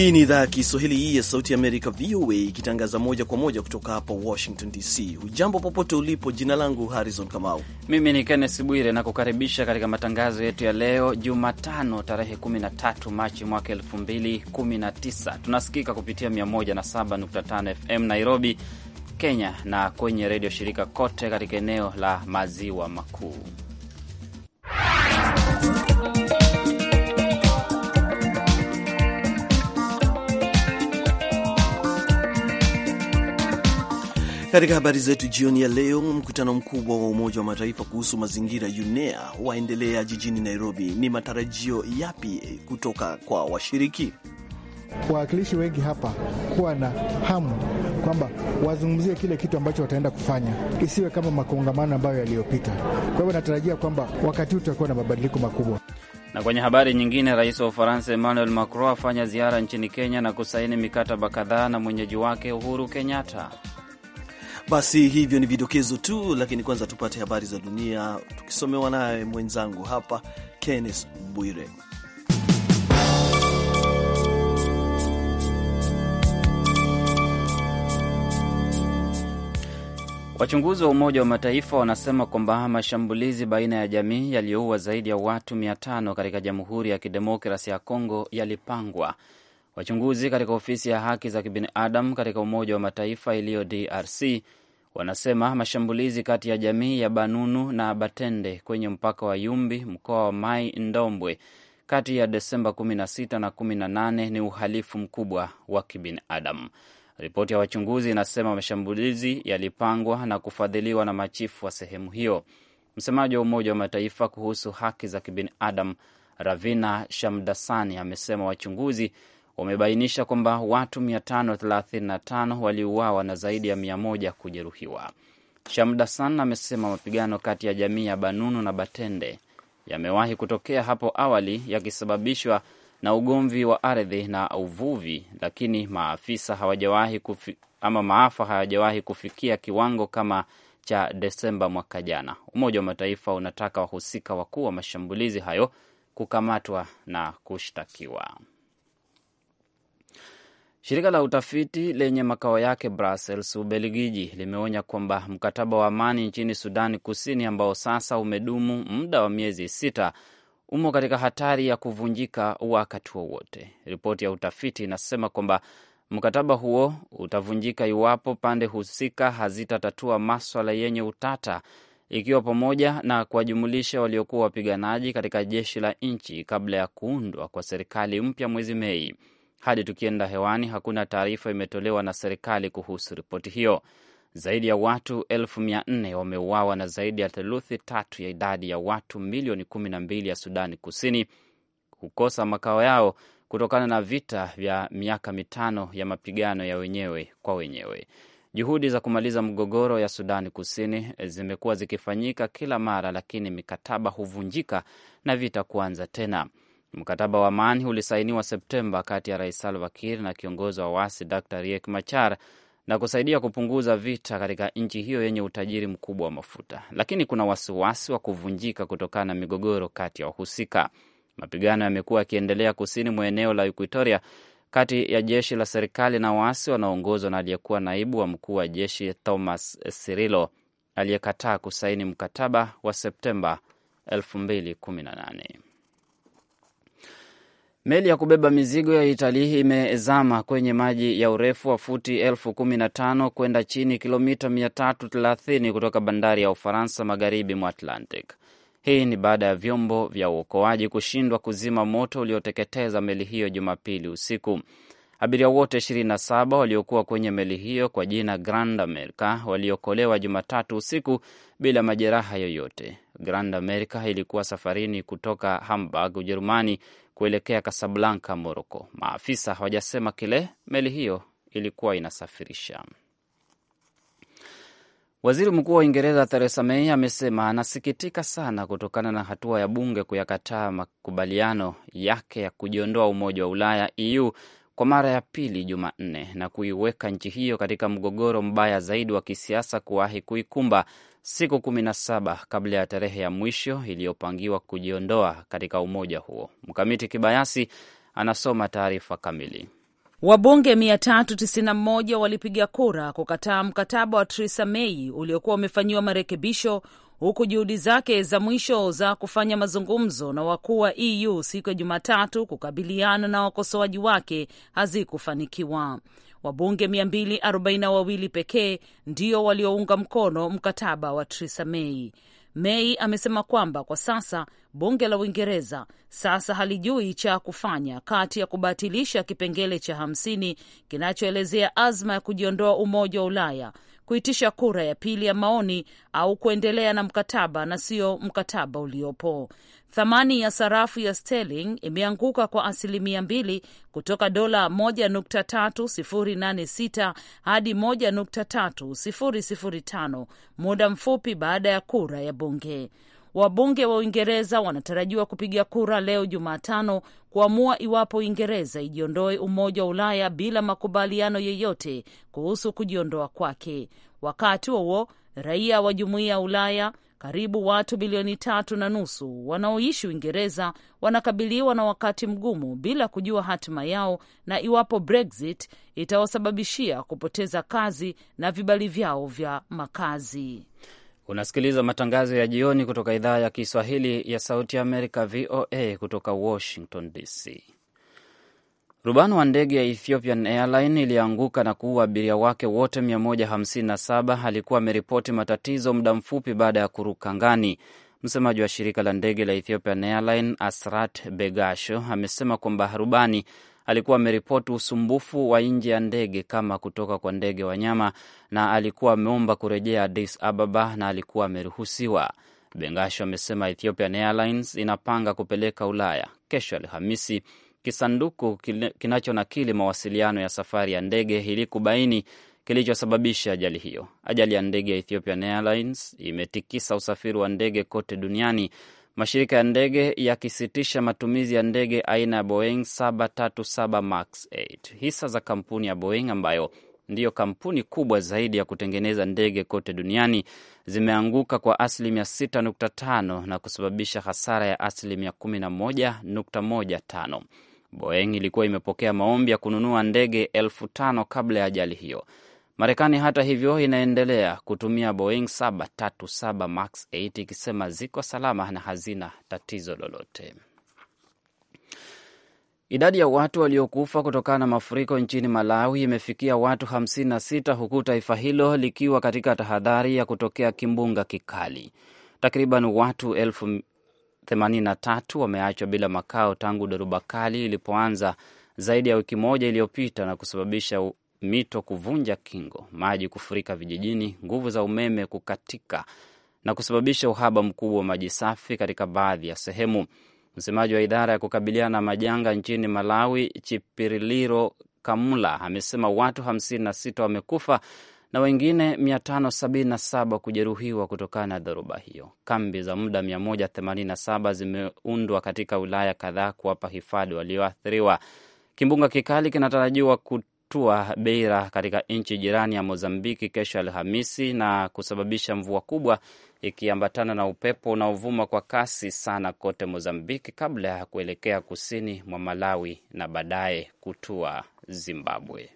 Hii ni idhaa ya Kiswahili ya Sauti ya Amerika, VOA, ikitangaza moja kwa moja kutoka hapa Washington DC. Hujambo popote ulipo. Jina langu Harrison Kamau, mimi ni Kennes Bwire na kukaribisha katika matangazo yetu ya leo Jumatano tarehe 13 Machi mwaka 2019. Tunasikika kupitia 107.5 FM Nairobi, Kenya, na kwenye redio shirika kote katika eneo la maziwa makuu. Katika habari zetu jioni ya leo, mkutano mkubwa wa Umoja wa Mataifa kuhusu mazingira UNEA waendelea jijini Nairobi. Ni matarajio yapi kutoka kwa washiriki? Wawakilishi wengi hapa kuwa na hamu kwamba wazungumzie kile kitu ambacho wataenda kufanya, isiwe kama makongamano ambayo yaliyopita. Kwa hivyo natarajia kwamba wakati huu tutakuwa na mabadiliko makubwa. Na kwenye habari nyingine, rais wa Ufaransa Emmanuel Macron afanya ziara nchini Kenya na kusaini mikataba kadhaa na mwenyeji wake Uhuru Kenyatta. Basi hivyo ni vidokezo tu, lakini kwanza tupate habari za dunia tukisomewa naye mwenzangu hapa Kenneth Bwire. Wachunguzi wa Umoja wa Mataifa wanasema kwamba mashambulizi baina ya jamii yaliyoua zaidi ya watu 500 katika Jamhuri ya Kidemokrasi ya Kongo yalipangwa. Wachunguzi katika ofisi ya haki za kibinadamu katika Umoja wa Mataifa iliyo DRC Wanasema mashambulizi kati ya jamii ya Banunu na Batende kwenye mpaka wa Yumbi, mkoa wa Mai Ndombwe, kati ya Desemba 16 na 18 ni uhalifu mkubwa wa kibinadamu. Ripoti ya wachunguzi inasema mashambulizi yalipangwa na kufadhiliwa na machifu wa sehemu hiyo. Msemaji wa Umoja wa Mataifa kuhusu haki za kibinadamu Ravina Shamdasani amesema wachunguzi wamebainisha kwamba watu 535 waliuawa na zaidi ya 100 kujeruhiwa. Shamdasan amesema mapigano kati ya jamii ya Banunu na Batende yamewahi kutokea hapo awali yakisababishwa na ugomvi wa ardhi na uvuvi, lakini maafisa hawajawahi kufi, ama maafa hayajawahi kufikia kiwango kama cha Desemba mwaka jana. Umoja wa Mataifa unataka wahusika wakuu wa mashambulizi hayo kukamatwa na kushtakiwa. Shirika la utafiti lenye makao yake Brussels, Ubelgiji, limeonya kwamba mkataba wa amani nchini Sudani Kusini, ambao sasa umedumu muda wa miezi sita, umo katika hatari ya kuvunjika wakati wowote. Ripoti ya utafiti inasema kwamba mkataba huo utavunjika iwapo pande husika hazitatatua maswala yenye utata, ikiwa pamoja na kuwajumulisha waliokuwa wapiganaji katika jeshi la nchi kabla ya kuundwa kwa serikali mpya mwezi Mei. Hadi tukienda hewani, hakuna taarifa imetolewa na serikali kuhusu ripoti hiyo. Zaidi ya watu elfu mia nne wameuawa na zaidi ya theluthi tatu ya idadi ya watu milioni kumi na mbili ya Sudani Kusini kukosa makao yao kutokana na vita vya miaka mitano ya mapigano ya wenyewe kwa wenyewe. Juhudi za kumaliza mgogoro ya Sudani Kusini zimekuwa zikifanyika kila mara, lakini mikataba huvunjika na vita kuanza tena. Mkataba wa amani ulisainiwa Septemba kati ya Rais Salva Kiir na kiongozi wa wasi Dr Riek Machar na kusaidia kupunguza vita katika nchi hiyo yenye utajiri mkubwa wa mafuta, lakini kuna wasiwasi wa kuvunjika kutokana na migogoro kati ya wahusika. Mapigano yamekuwa yakiendelea kusini mwa eneo la Equatoria kati ya jeshi la serikali na waasi wanaoongozwa na aliyekuwa naibu wa mkuu wa jeshi Thomas Sirilo aliyekataa kusaini mkataba wa Septemba 2018. Meli ya kubeba mizigo ya Italii imezama kwenye maji ya urefu wa futi elfu kumi na tano kwenda chini kilomita 330 kutoka bandari ya Ufaransa magharibi mwa Atlantic. Hii ni baada ya vyombo vya uokoaji kushindwa kuzima moto ulioteketeza meli hiyo Jumapili usiku. Abiria wote 27 waliokuwa kwenye meli hiyo kwa jina Grand America waliokolewa Jumatatu usiku bila majeraha yoyote. Grand America ilikuwa safarini kutoka Hamburg, Ujerumani kuelekea Kasablanka, Moroko. Maafisa hawajasema kile meli hiyo ilikuwa inasafirisha. Waziri Mkuu wa Uingereza Theresa May amesema anasikitika sana kutokana na hatua ya bunge kuyakataa makubaliano yake ya kujiondoa Umoja wa Ulaya EU kwa mara ya pili Jumanne na kuiweka nchi hiyo katika mgogoro mbaya zaidi wa kisiasa kuwahi kuikumba siku kumi na saba kabla ya tarehe ya mwisho iliyopangiwa kujiondoa katika umoja huo. Mkamiti Kibayasi anasoma taarifa kamili. Wabunge 391 walipiga kura kukataa mkataba wa Theresa May uliokuwa umefanyiwa marekebisho huku juhudi zake za mwisho za kufanya mazungumzo na wakuu wa EU siku ya Jumatatu kukabiliana na wakosoaji wake hazikufanikiwa. Wabunge 242 pekee ndio waliounga mkono mkataba wa Theresa May. May amesema kwamba kwa sasa bunge la Uingereza sasa halijui cha kufanya kati ya kubatilisha kipengele cha hamsini kinachoelezea azma ya kujiondoa Umoja wa Ulaya kuitisha kura ya pili ya maoni au kuendelea na mkataba na sio mkataba uliopo. Thamani ya sarafu ya sterling imeanguka kwa asilimia mbili kutoka dola 1.3086 hadi 1.3005 muda mfupi baada ya kura ya bunge. Wabunge wa Uingereza wanatarajiwa kupiga kura leo Jumatano kuamua iwapo Uingereza ijiondoe Umoja wa Ulaya bila makubaliano yeyote kuhusu kujiondoa kwake. Wakati huo raia wa Jumuiya ya Ulaya, karibu watu bilioni tatu na nusu wanaoishi Uingereza, wanakabiliwa na wakati mgumu bila kujua hatima yao na iwapo Brexit itawasababishia kupoteza kazi na vibali vyao vya makazi. Unasikiliza matangazo ya jioni kutoka idhaa ya Kiswahili ya Sauti ya Amerika, VOA, kutoka Washington DC. Rubani wa ndege ya Ethiopian Airline ilianguka na kuua abiria wake wote 157 alikuwa ameripoti matatizo muda mfupi baada ya kuruka ngani Msemaji wa shirika la ndege la Ethiopian Airline Asrat Begasho amesema kwamba rubani alikuwa ameripoti usumbufu wa nje ya ndege kama kutoka kwa ndege wanyama, na alikuwa ameomba kurejea Addis Ababa na alikuwa ameruhusiwa. Bengasho amesema Ethiopian Airlines inapanga kupeleka Ulaya kesho Alhamisi kisanduku kinachonakili mawasiliano ya safari ya ndege ili kubaini kilichosababisha ajali hiyo. Ajali ya ndege ya Ethiopian Airlines imetikisa usafiri wa ndege kote duniani mashirika ya ndege yakisitisha matumizi ya ndege aina ya Boeing 737 Max 8. Hisa za kampuni ya Boeing ambayo ndiyo kampuni kubwa zaidi ya kutengeneza ndege kote duniani zimeanguka kwa asilimia 6.5 na kusababisha hasara ya asilimia 11.15. Boeing ilikuwa imepokea maombi ya kununua ndege elfu tano kabla ya ajali hiyo. Marekani hata hivyo inaendelea kutumia Boeing 737 Max 8 ikisema ziko salama na hazina tatizo lolote. Idadi ya watu waliokufa kutokana na mafuriko nchini Malawi imefikia watu 56 huku taifa hilo likiwa katika tahadhari ya kutokea kimbunga kikali. Takriban watu elfu 83 wameachwa bila makao tangu dhoruba kali ilipoanza zaidi ya wiki moja iliyopita na kusababisha mito kuvunja kingo, maji kufurika vijijini, nguvu za umeme kukatika na kusababisha uhaba mkubwa wa maji safi katika baadhi ya sehemu. Msemaji wa idara ya kukabiliana na majanga nchini Malawi, Chipiriliro Kamula, amesema watu 56 wamekufa na wengine 577 kujeruhiwa kutokana na dhoruba hiyo. Kambi za muda 187 zimeundwa katika wilaya kadhaa kuwapa hifadhi walioathiriwa. Kimbunga kikali kinatarajiwa kutua Beira katika nchi jirani ya Mozambiki kesho Alhamisi na kusababisha mvua kubwa ikiambatana na upepo unaovuma kwa kasi sana kote Mozambiki kabla ya kuelekea kusini mwa Malawi na baadaye kutua Zimbabwe.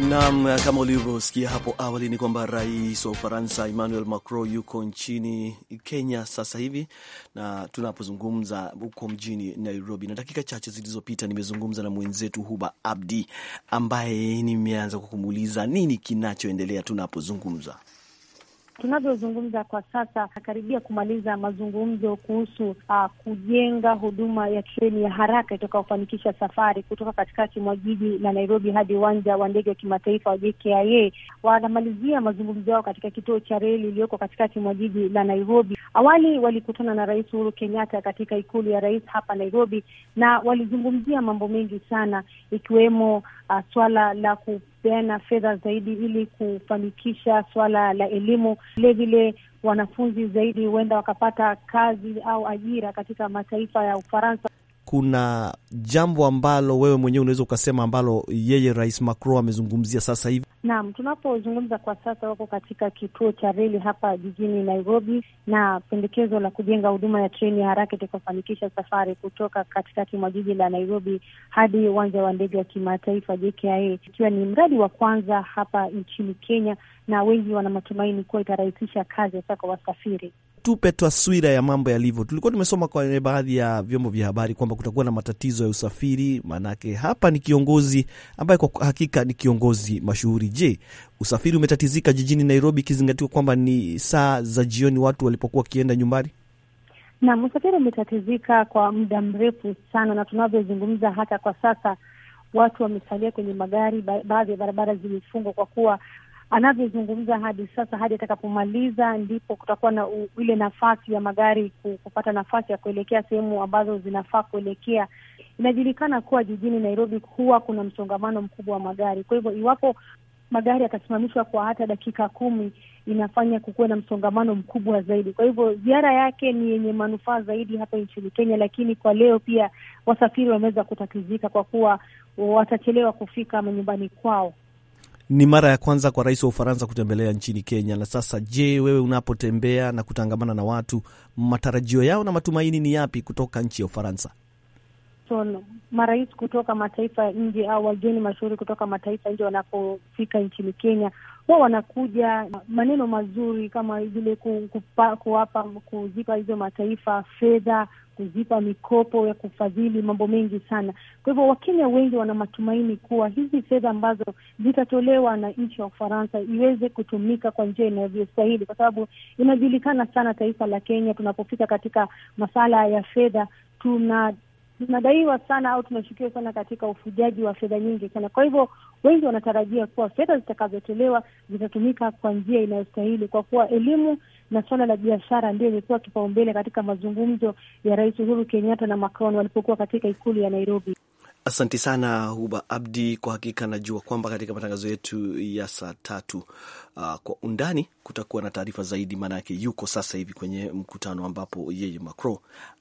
nam kama ulivyosikia hapo awali ni kwamba rais wa Ufaransa Emmanuel Macron yuko nchini Kenya sasa hivi, na tunapozungumza huko mjini Nairobi. Na dakika chache zilizopita nimezungumza na mwenzetu Huba Abdi ambaye nimeanza kumuuliza nini kinachoendelea tunapozungumza Tunavyozungumza kwa sasa, nakaribia kumaliza mazungumzo kuhusu uh, kujenga huduma ya treni ya haraka itakayofanikisha safari kutoka katikati mwa jiji la Nairobi hadi uwanja wa ndege wa kimataifa wa JKIA. Wanamalizia mazungumzo yao katika kituo cha reli iliyoko katikati mwa jiji la Nairobi. Awali walikutana na Rais Uhuru Kenyatta katika ikulu ya rais hapa Nairobi, na walizungumzia mambo mengi sana ikiwemo uh, swala la kupeana fedha zaidi ili kufanikisha swala la elimu. Vilevile wanafunzi zaidi huenda wakapata kazi au ajira katika mataifa ya Ufaransa kuna jambo ambalo wewe mwenyewe unaweza ukasema ambalo yeye Rais Macron amezungumzia sasa hivi? Naam, tunapozungumza kwa sasa wako katika kituo cha reli hapa jijini Nairobi, na pendekezo la kujenga huduma ya treni ya haraka itakaofanikisha safari kutoka katikati mwa jiji la Nairobi hadi uwanja wa ndege wa kimataifa JKIA, ikiwa ni mradi wa kwanza hapa nchini Kenya, na wengi wana matumaini kuwa itarahisisha kazi hasa kwa wasafiri tupe taswira ya mambo yalivyo. Tulikuwa tumesoma kwenye baadhi ya vyombo vya habari kwamba kutakuwa na matatizo ya usafiri, maanake hapa ni kiongozi ambaye kwa hakika ni kiongozi mashuhuri. Je, usafiri umetatizika jijini Nairobi ikizingatiwa kwamba ni saa za jioni watu walipokuwa wakienda nyumbani? Naam, usafiri umetatizika kwa muda mrefu sana, na tunavyozungumza hata kwa sasa watu wamesalia kwenye magari. Baadhi ya barabara zimefungwa kwa kuwa anavyozungumza hadi sasa, hadi atakapomaliza, ndipo kutakuwa na ile nafasi ya magari kupata nafasi ya kuelekea sehemu ambazo zinafaa kuelekea. Inajulikana kuwa jijini Nairobi huwa kuna msongamano mkubwa wa magari, kwa hivyo iwapo magari yatasimamishwa kwa hata dakika kumi inafanya kukuwa na msongamano mkubwa zaidi. Kwa hivyo ziara yake ni yenye manufaa zaidi hapa nchini Kenya, lakini kwa leo pia wasafiri wameweza kutatizika kwa kuwa watachelewa kufika manyumbani kwao. Ni mara ya kwanza kwa rais wa Ufaransa kutembelea nchini Kenya. Na sasa, je, wewe unapotembea na kutangamana na watu, matarajio yao na matumaini ni yapi kutoka nchi ya Ufaransa? So, marais kutoka mataifa ya nje au wageni mashuhuri kutoka mataifa nje wanapofika nchini Kenya, huwa wanakuja maneno mazuri kama vile kuwapa kuzipa hizo mataifa fedha kuzipa mikopo ya kufadhili mambo mengi sana. Kwa hivyo Wakenya wengi wana matumaini kuwa hizi fedha ambazo zitatolewa na nchi ya Ufaransa iweze kutumika kwa njia inavyostahili, kwa sababu inajulikana sana taifa la Kenya tunapofika katika masala ya fedha tuna tunadaiwa sana au tunashukiwa sana katika ufujaji wa fedha nyingi sana. Kwa hivyo wengi wanatarajia kuwa fedha zitakazotolewa zitatumika kwa njia inayostahili, kwa kuwa elimu na suala la biashara ndio imekuwa kipaumbele katika mazungumzo ya Rais Uhuru Kenyatta na Macron walipokuwa katika ikulu ya Nairobi. Asanti sana Huba Abdi. Kwa hakika najua kwamba katika matangazo yetu ya saa tatu uh, kwa undani kutakuwa na taarifa zaidi, maanake yuko sasa hivi kwenye mkutano ambapo yeye Macron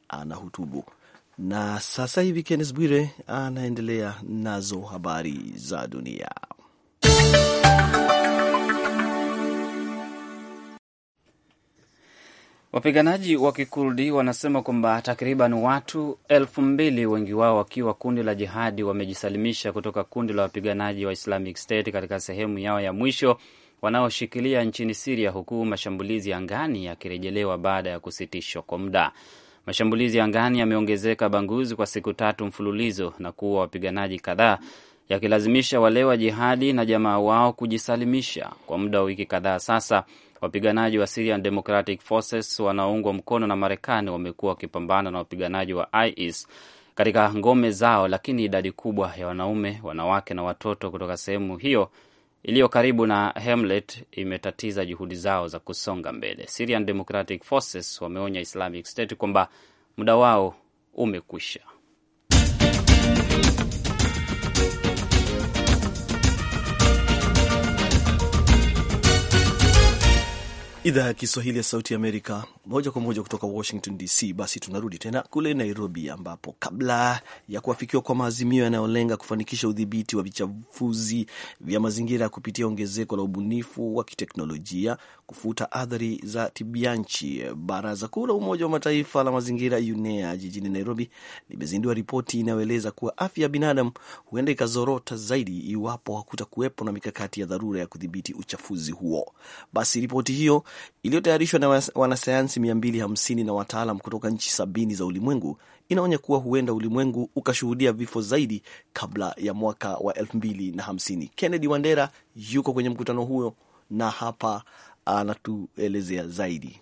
anahutubu uh, na sasa hivi Kennes Bwire anaendelea nazo habari za dunia. Wapiganaji wa Kikurdi wanasema kwamba takriban watu elfu mbili, wengi wao wakiwa kundi la jihadi, wamejisalimisha kutoka kundi la wapiganaji wa Islamic State katika sehemu yao ya mwisho wanaoshikilia nchini Siria, huku mashambulizi angani yakirejelewa baada ya kusitishwa kwa muda. Mashambulizi angani yameongezeka Banguzi kwa siku tatu mfululizo na kuua wapiganaji kadhaa, yakilazimisha wale wa jihadi na jamaa wao kujisalimisha. Kwa muda wa wiki kadhaa sasa, wapiganaji wa Syrian Democratic Forces wanaoungwa mkono na Marekani wamekuwa wakipambana na wapiganaji wa IS katika ngome zao, lakini idadi kubwa ya wanaume, wanawake na watoto kutoka sehemu hiyo iliyo karibu na Hamlet imetatiza juhudi zao za kusonga mbele. Syrian Democratic Forces wameonya Islamic State kwamba muda wao umekwisha. Idhaa ya Kiswahili ya Sauti ya Amerika, moja kwa moja kutoka Washington DC. Basi tunarudi tena kule Nairobi, ambapo kabla ya kuafikiwa kwa maazimio yanayolenga kufanikisha udhibiti wa vichafuzi vya mazingira kupitia ongezeko la ubunifu wa kiteknolojia, kufuta athari za tabianchi, Baraza Kuu la Umoja wa Mataifa la Mazingira, UNEA, jijini Nairobi limezindua ripoti inayoeleza kuwa afya ya binadamu huenda ikazorota zaidi iwapo hakutakuwepo na mikakati ya dharura ya kudhibiti uchafuzi huo. Basi ripoti hiyo iliyotayarishwa na wanasayansi 250 na wataalam kutoka nchi sabini za ulimwengu inaonya kuwa huenda ulimwengu ukashuhudia vifo zaidi kabla ya mwaka wa 2050. Kennedy Wandera yuko kwenye mkutano huo na hapa anatuelezea zaidi.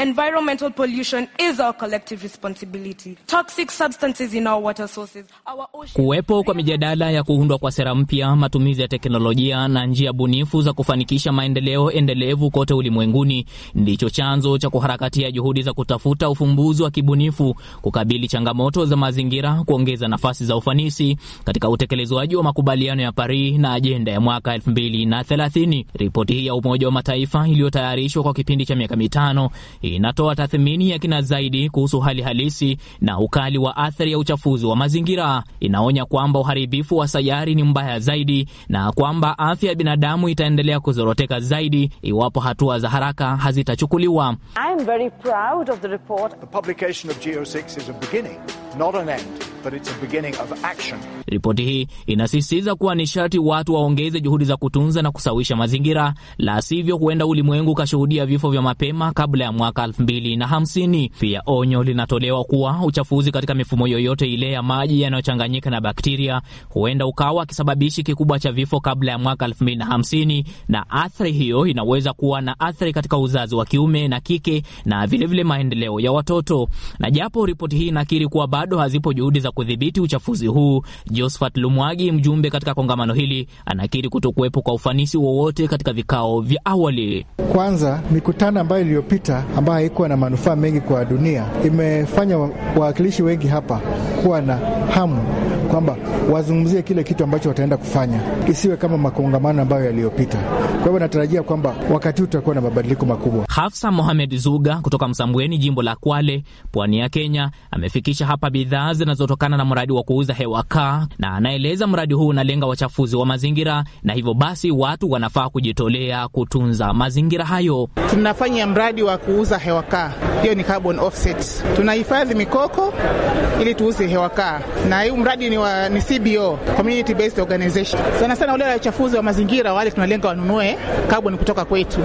Environmental pollution is our collective responsibility. Toxic substances in our water sources, our ocean... Kuwepo kwa mijadala ya kuundwa kwa sera mpya, matumizi ya teknolojia na njia bunifu za kufanikisha maendeleo endelevu kote ulimwenguni ndicho chanzo cha kuharakatia juhudi za kutafuta ufumbuzi wa kibunifu kukabili changamoto za mazingira, kuongeza nafasi za ufanisi katika utekelezwaji wa makubaliano ya Paris na ajenda ya mwaka 2030. Ripoti hii ya Umoja wa Mataifa iliyotayarishwa kwa kipindi cha miaka mitano inatoa tathmini ya kina zaidi kuhusu hali halisi na ukali wa athari ya uchafuzi wa mazingira. Inaonya kwamba uharibifu wa sayari ni mbaya zaidi na kwamba afya ya binadamu itaendelea kuzoroteka zaidi iwapo hatua za haraka hazitachukuliwa not an end, but it's a beginning of action. Ripoti hii inasisitiza kuwa ni sharti watu waongeze juhudi za kutunza na kusawisha mazingira, la sivyo huenda ulimwengu ukashuhudia vifo vya mapema kabla ya mwaka 2050. Pia onyo linatolewa kuwa uchafuzi katika mifumo yoyote ile ya maji yanayochanganyika na bakteria huenda ukawa kisababishi kikubwa cha vifo kabla ya mwaka 2050, na athari hiyo inaweza kuwa na athari katika uzazi wa kiume na kike na vilevile vile maendeleo ya watoto. Na japo ripoti hii inakiri kuwa bado hazipo juhudi za kudhibiti uchafuzi huu. Josephat Lumwagi, mjumbe katika kongamano hili, anakiri kutokuwepo kwa ufanisi wowote katika vikao vya awali. Kwanza, mikutano ambayo iliyopita ambayo haikuwa na manufaa mengi kwa dunia imefanya wawakilishi wengi hapa kuwa na hamu kwamba wazungumzie kile kitu ambacho wataenda kufanya, isiwe kama makongamano ambayo yaliyopita. Kwa hivyo natarajia kwamba wakati huu tutakuwa na mabadiliko makubwa. Hafsa Mohamed Zuga kutoka Msambweni, jimbo la Kwale, pwani ya Kenya, amefikisha hapa bidhaa zinazotokana na mradi wa kuuza hewa kaa, na anaeleza mradi huu unalenga wachafuzi wa mazingira, na hivyo basi watu wanafaa kujitolea kutunza mazingira hayo. Tunafanya mradi wa kuuza hewa kaa, hiyo ni carbon offset. Tunahifadhi mikoko ili tuuze hewa kaa, na huu mradi ni wa, ni CBO, community based organization. Sana sana wale wachafuzi wa mazingira wale tunalenga wanunue carbon kutoka kwetu,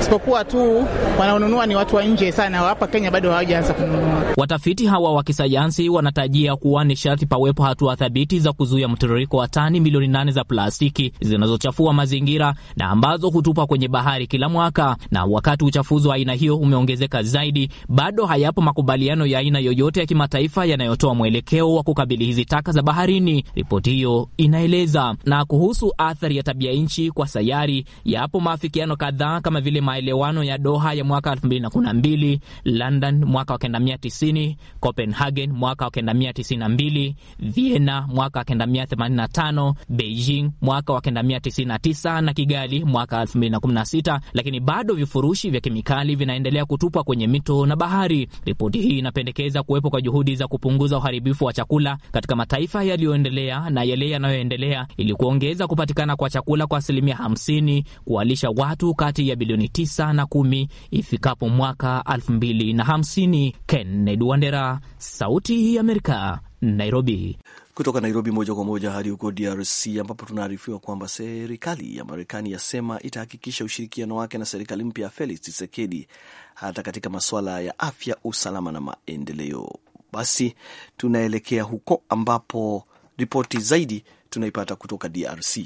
isipokuwa tu wanaonunua ni watu wa nje sana, hapa Kenya bado hawajaanza kununua. Watafiti hawa wa kisayansi wanatajia kuwa ni sharti pawepo hatua thabiti za kuzuia mtiririko wa tani milioni nane za plastiki zinazochafua mazingira na ambazo hutupa kwenye bahari kila mwaka, na wakati uchafuzi wa aina hiyo umeongezeka zaidi, bado hayapo makubaliano ya aina yoyote ya kimataifa yanayotoa mwelekeo wa kukabili hizi taka za baharini, ripoti hiyo inaeleza. Na kuhusu athari ya tabia nchi kwa sayari, yapo maafikiano kadhaa kama vile maelewano ya Doha ya mwaka 2012, London mwaka 1990, Copenhagen mwaka 1992, Vienna mwaka 1985, Beijing mwaka 1999 na Kigali mwaka 2016, lakini bado vifurushi vya kemikali vinaendelea kutupwa kwenye mito na bahari. Ripoti hii inapendekeza kuwepo kwa juhudi za kupunguza uharibifu wa chakula katika mataifa mataifa yaliyoendelea na yale yanayoendelea ili kuongeza kupatikana kwa chakula kwa asilimia 50 kuwalisha watu kati ya bilioni 9 na 10 ifikapo mwaka 2050. Kennedy Wandera, Sauti ya Amerika, Nairobi. Kutoka Nairobi moja kwa moja hadi huko DRC ambapo tunaarifiwa kwamba serikali ya Marekani yasema itahakikisha ushirikiano wake na serikali mpya ya Felix Tshisekedi hata katika masuala ya afya, usalama na maendeleo. Basi tunaelekea huko ambapo ripoti zaidi tunaipata kutoka DRC.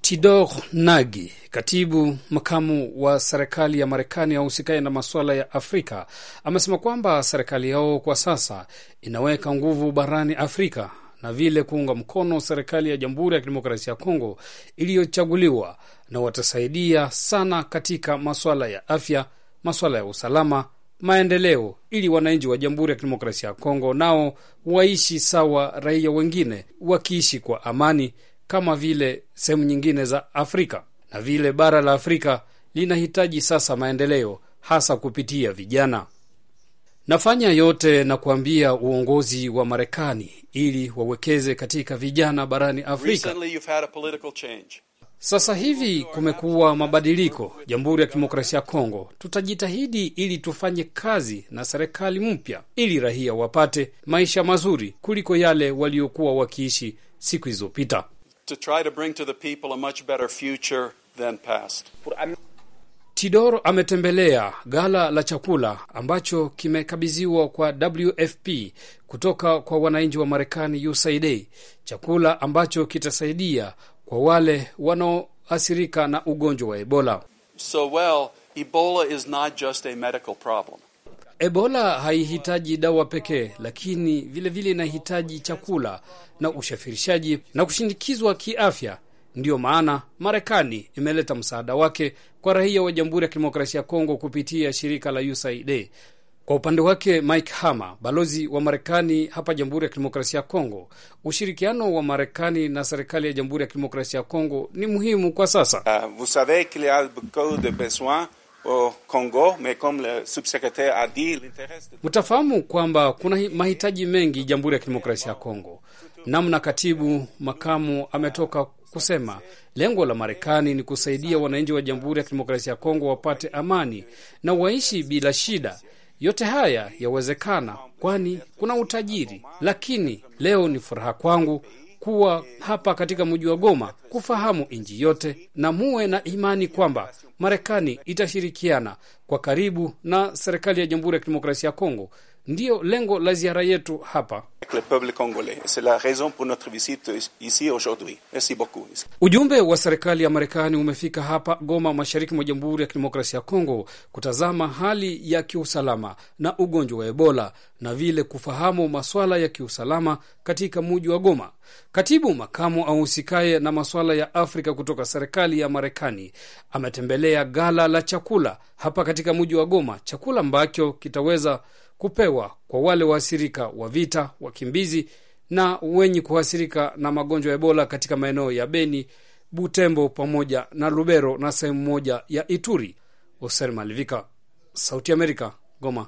Tidor Nagi, katibu makamu wa serikali ya Marekani ahusikaye na masuala ya Afrika, amesema kwamba serikali yao kwa sasa inaweka nguvu barani Afrika na vile kuunga mkono serikali ya Jamhuri ya Kidemokrasia ya Kongo iliyochaguliwa, na watasaidia sana katika masuala ya afya, masuala ya usalama maendeleo ili wananchi wa Jamhuri ya Kidemokrasia ya Kongo nao waishi sawa raia wengine, wakiishi kwa amani kama vile sehemu nyingine za Afrika. Na vile bara la Afrika linahitaji sasa maendeleo, hasa kupitia vijana. Nafanya yote na kuambia uongozi wa Marekani ili wawekeze katika vijana barani Afrika. Sasa hivi kumekuwa mabadiliko Jamhuri ya Kidemokrasia ya Kongo. Tutajitahidi ili tufanye kazi na serikali mpya ili raia wapate maisha mazuri kuliko yale waliokuwa wakiishi siku hizopita. Tidor ametembelea gala la chakula ambacho kimekabidhiwa kwa WFP kutoka kwa wananchi wa Marekani, USAID, chakula ambacho kitasaidia kwa wale wanaoathirika na ugonjwa wa Ebola. So well, Ebola is not just a medical problem. Ebola haihitaji dawa pekee, lakini vilevile inahitaji chakula na usafirishaji na kushindikizwa kiafya. Ndiyo maana Marekani imeleta msaada wake kwa raia wa Jamhuri ya Kidemokrasia ya Kongo kupitia shirika la USAID kwa upande wake Mike Hammer, balozi wa Marekani hapa Jamhuri ya Kidemokrasia ya Kongo, ushirikiano wa Marekani na serikali ya Jamhuri ya Kidemokrasia ya Kongo ni muhimu kwa sasa. Uh, vous savez qu'il y a beaucoup de besoins au Congo, mais comme le subsecretaire a dit, de... mtafahamu kwamba kuna mahitaji mengi Jamhuri ya Kidemokrasia ya Kongo, namna katibu makamu ametoka kusema lengo la Marekani ni kusaidia wananchi wa Jamhuri ya Kidemokrasia ya Kongo wapate amani na waishi bila shida, yote haya yawezekana, kwani kuna utajiri. Lakini leo ni furaha kwangu kuwa hapa katika mji wa Goma kufahamu inji yote, na muwe na imani kwamba Marekani itashirikiana kwa karibu na serikali ya Jamhuri ya Kidemokrasia ya Kongo Ndiyo lengo la ziara yetu hapa. Ujumbe wa serikali ya Marekani umefika hapa Goma, mashariki mwa Jamhuri ya Kidemokrasia ya Kongo, kutazama hali ya kiusalama na ugonjwa wa Ebola na vile kufahamu maswala ya kiusalama katika muji wa Goma. Katibu makamu ahusikaye na maswala ya Afrika kutoka serikali ya Marekani ametembelea gala la chakula hapa katika muji wa Goma, chakula ambacho kitaweza kupewa kwa wale waathirika wa vita, wakimbizi na wenye kuathirika na magonjwa ya Ebola katika maeneo ya Beni, Butembo pamoja na Lubero na sehemu moja ya Ituri. Oser Malivika, Sauti Amerika, Goma.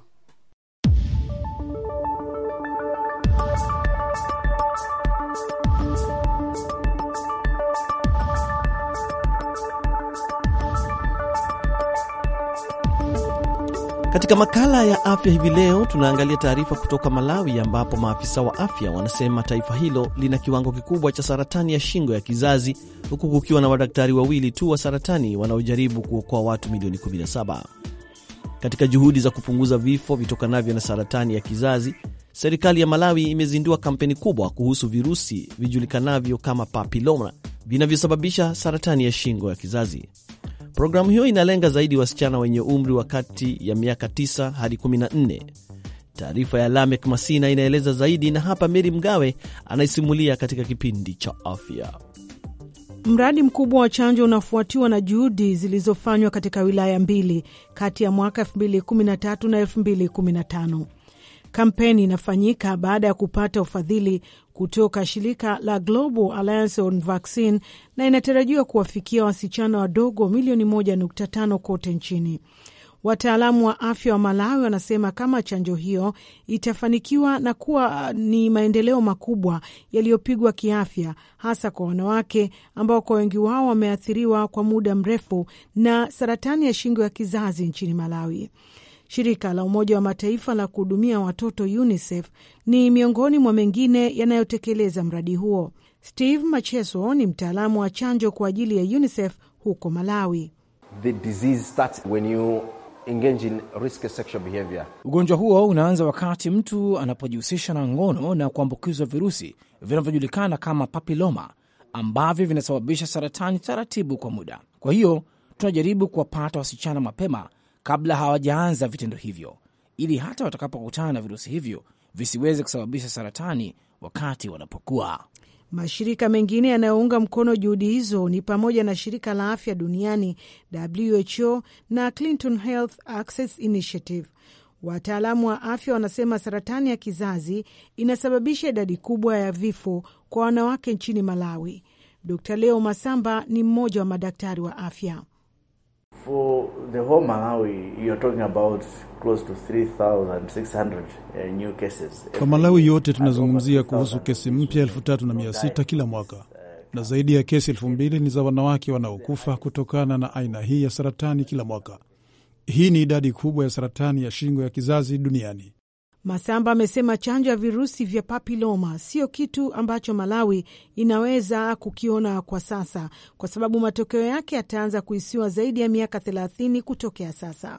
Katika makala ya afya hivi leo tunaangalia taarifa kutoka Malawi ambapo maafisa wa afya wanasema taifa hilo lina kiwango kikubwa cha saratani ya shingo ya kizazi huku kukiwa na madaktari wawili tu wa saratani wanaojaribu kuokoa watu milioni 17. Katika juhudi za kupunguza vifo vitokanavyo na saratani ya kizazi, serikali ya Malawi imezindua kampeni kubwa kuhusu virusi vijulikanavyo kama papiloma vinavyosababisha saratani ya shingo ya kizazi. Programu hiyo inalenga zaidi wasichana wenye umri wa kati ya miaka 9 hadi 14. Taarifa ya Lamek Masina inaeleza zaidi, na hapa Meri Mgawe anaisimulia katika kipindi cha afya. Mradi mkubwa wa chanjo unafuatiwa na juhudi zilizofanywa katika wilaya mbili kati ya mwaka 2013 na 2015. Kampeni inafanyika baada ya kupata ufadhili kutoka shirika la Global Alliance on Vaccine na inatarajiwa kuwafikia wasichana wadogo milioni 1.5 kote nchini. Wataalamu wa afya wa Malawi wanasema kama chanjo hiyo itafanikiwa na kuwa uh, ni maendeleo makubwa yaliyopigwa kiafya, hasa kwa wanawake ambao kwa wengi wao wameathiriwa kwa muda mrefu na saratani ya shingo ya kizazi nchini Malawi. Shirika la Umoja wa Mataifa la kuhudumia watoto UNICEF ni miongoni mwa mengine yanayotekeleza mradi huo. Steve Macheso ni mtaalamu wa chanjo kwa ajili ya UNICEF huko Malawi. The Ugonjwa huo unaanza wakati mtu anapojihusisha na ngono na kuambukizwa virusi vinavyojulikana kama papiloma ambavyo vinasababisha saratani taratibu kwa muda. Kwa hiyo tunajaribu kuwapata wasichana mapema kabla hawajaanza vitendo hivyo, ili hata watakapokutana na virusi hivyo visiweze kusababisha saratani wakati wanapokuwa. Mashirika mengine yanayounga mkono juhudi hizo ni pamoja na shirika la afya duniani WHO na Clinton Health Access Initiative. Wataalamu wa afya wanasema saratani ya kizazi inasababisha idadi kubwa ya vifo kwa wanawake nchini Malawi. Dr Leo Masamba ni mmoja wa madaktari wa afya. For the whole Malawi, you're talking about close to 3,600 uh, new cases. Kwa Malawi yote tunazungumzia kuhusu kesi mpya 3600 kila mwaka uh, na zaidi ya kesi elfu mbili ni za wanawake wanaokufa kutokana na aina hii ya saratani kila mwaka. Hii ni idadi kubwa ya saratani ya shingo ya kizazi duniani. Masamba amesema chanjo ya virusi vya papiloma sio kitu ambacho Malawi inaweza kukiona kwa sasa, kwa sababu matokeo yake yataanza kuhisiwa zaidi ya miaka 30 kutokea sasa.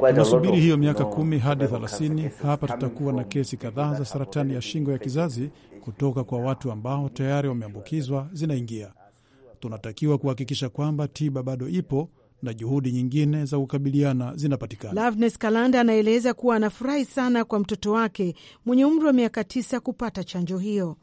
Tunasubiri hiyo miaka kumi hadi thelathini. Hapa tutakuwa na kesi kadhaa za saratani ya shingo ya kizazi kutoka kwa watu ambao tayari wameambukizwa zinaingia. Tunatakiwa kuhakikisha kwamba tiba bado ipo na juhudi nyingine za kukabiliana zinapatikana. Lavnes Kalanda anaeleza kuwa anafurahi sana kwa mtoto wake mwenye umri wa miaka tisa kupata chanjo hiyo.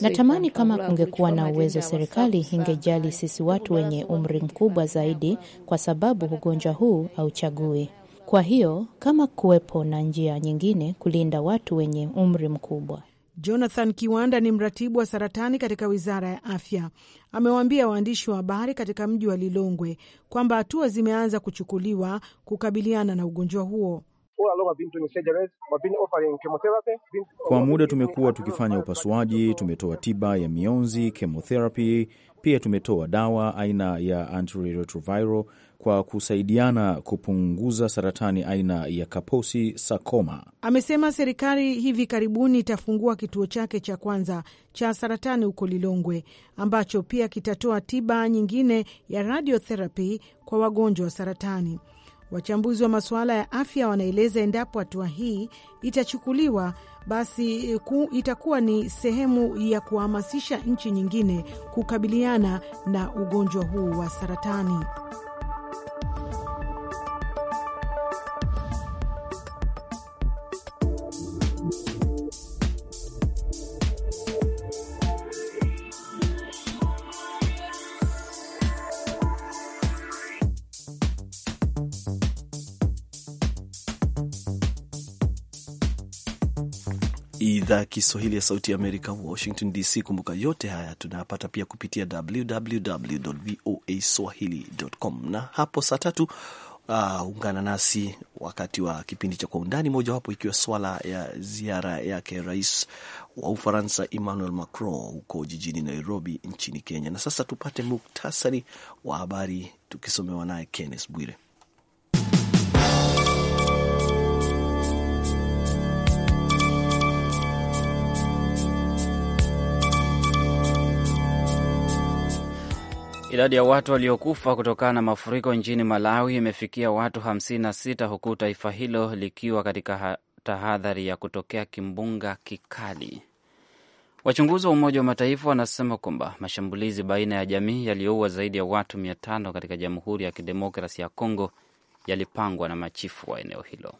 Natamani kama kungekuwa na uwezo, serikali ingejali sisi watu wenye umri mkubwa zaidi, kwa sababu ugonjwa huu hauchagui. Kwa hiyo kama kuwepo na njia nyingine kulinda watu wenye umri mkubwa Jonathan Kiwanda ni mratibu wa saratani katika wizara ya afya, amewaambia waandishi wa habari katika mji wa Lilongwe kwamba hatua zimeanza kuchukuliwa kukabiliana na ugonjwa huo. Kwa muda tumekuwa tukifanya upasuaji, tumetoa tiba ya mionzi, chemotherapy, pia tumetoa dawa aina ya antiretroviral kwa kusaidiana kupunguza saratani aina ya Kaposi sakoma. Amesema serikali hivi karibuni itafungua kituo chake cha kwanza cha saratani huko Lilongwe ambacho pia kitatoa tiba nyingine ya radiotherapy kwa wagonjwa wa saratani. Wachambuzi wa masuala ya afya wanaeleza endapo hatua hii itachukuliwa, basi eh, ku, itakuwa ni sehemu ya kuhamasisha nchi nyingine kukabiliana na ugonjwa huu wa saratani. idhaa ya Kiswahili ya Sauti ya Amerika, Washington DC. Kumbuka yote haya tunayapata pia kupitia www voa swahili.com, na hapo saa tatu uh, ungana nasi wakati wa kipindi cha Kwa Undani, mojawapo ikiwa swala ya ziara yake Rais wa Ufaransa Emmanuel Macron huko jijini Nairobi nchini Kenya. Na sasa tupate muktasari wa habari tukisomewa naye Kenneth Bwire. Idadi ya watu waliokufa kutokana na mafuriko nchini Malawi imefikia watu 56 huku taifa hilo likiwa katika tahadhari ya kutokea kimbunga kikali. Wachunguzi wa Umoja wa Mataifa wanasema kwamba mashambulizi baina ya jamii yaliyoua zaidi ya watu 500 katika Jamhuri ya Kidemokrasi ya Kongo yalipangwa na machifu wa eneo hilo.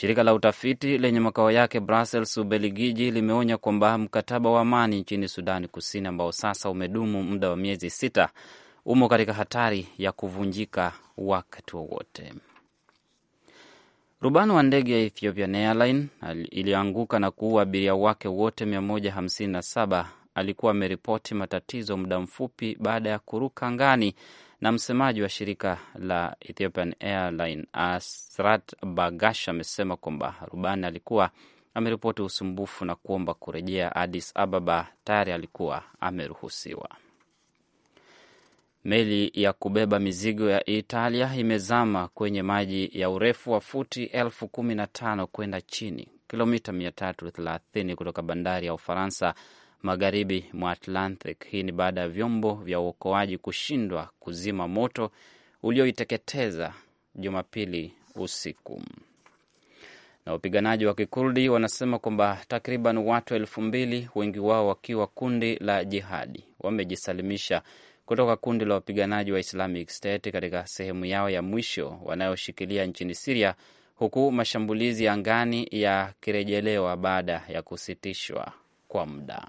Shirika la utafiti lenye makao yake Brussels, Ubeligiji, limeonya kwamba mkataba wa amani nchini Sudani Kusini, ambao sasa umedumu muda wa miezi sita, umo katika hatari ya kuvunjika wakati wowote. Rubani wa ndege ya Ethiopian Airline iliyoanguka na kuua abiria wake wote 157 alikuwa ameripoti matatizo muda mfupi baada ya kuruka ngani na msemaji wa shirika la Ethiopian Airline Asrat Bagash amesema kwamba rubani alikuwa ameripoti usumbufu na kuomba kurejea Addis Ababa. Tayari alikuwa ameruhusiwa. Meli ya kubeba mizigo ya Italia imezama kwenye maji ya urefu wa futi elfu kumi na tano kwenda chini, kilomita 330 kutoka bandari ya Ufaransa magharibi mwa Atlantic. Hii ni baada ya vyombo vya uokoaji kushindwa kuzima moto ulioiteketeza Jumapili usiku. Na wapiganaji wa Kikurdi wanasema kwamba takriban watu elfu mbili, wengi wao wakiwa kundi la jihadi, wamejisalimisha kutoka kundi la wapiganaji wa Islamic State katika sehemu yao ya mwisho wanayoshikilia nchini Siria, huku mashambulizi angani yakirejelewa baada ya kusitishwa kwa muda.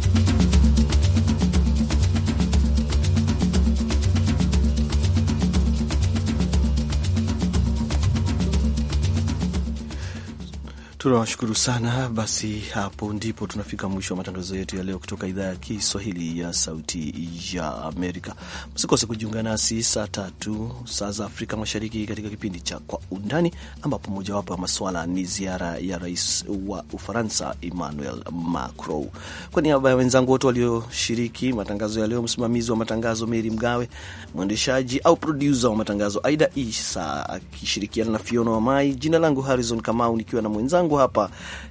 Tunawashukuru sana. Basi hapo ndipo tunafika mwisho wa matangazo yetu ya leo kutoka idhaa ya Kiswahili ya Sauti ya Amerika. Msikose kujiunga nasi saa tatu saa za Afrika Mashariki katika kipindi cha Kwa Undani, ambapo mojawapo ya maswala ni ziara ya rais wa Ufaransa Emmanuel Macron. Kwa niaba ya wenzangu wote walioshiriki matangazo ya leo, msimamizi wa matangazo Meri Mgawe, mwendeshaji au produsa wa matangazo Aida Isa akishirikiana na Fiona Wamai, jina langu Harrison Kamau nikiwa na mwenzangu langu hapa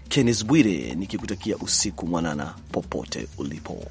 Kennes Bwire nikikutakia usiku mwanana popote ulipo.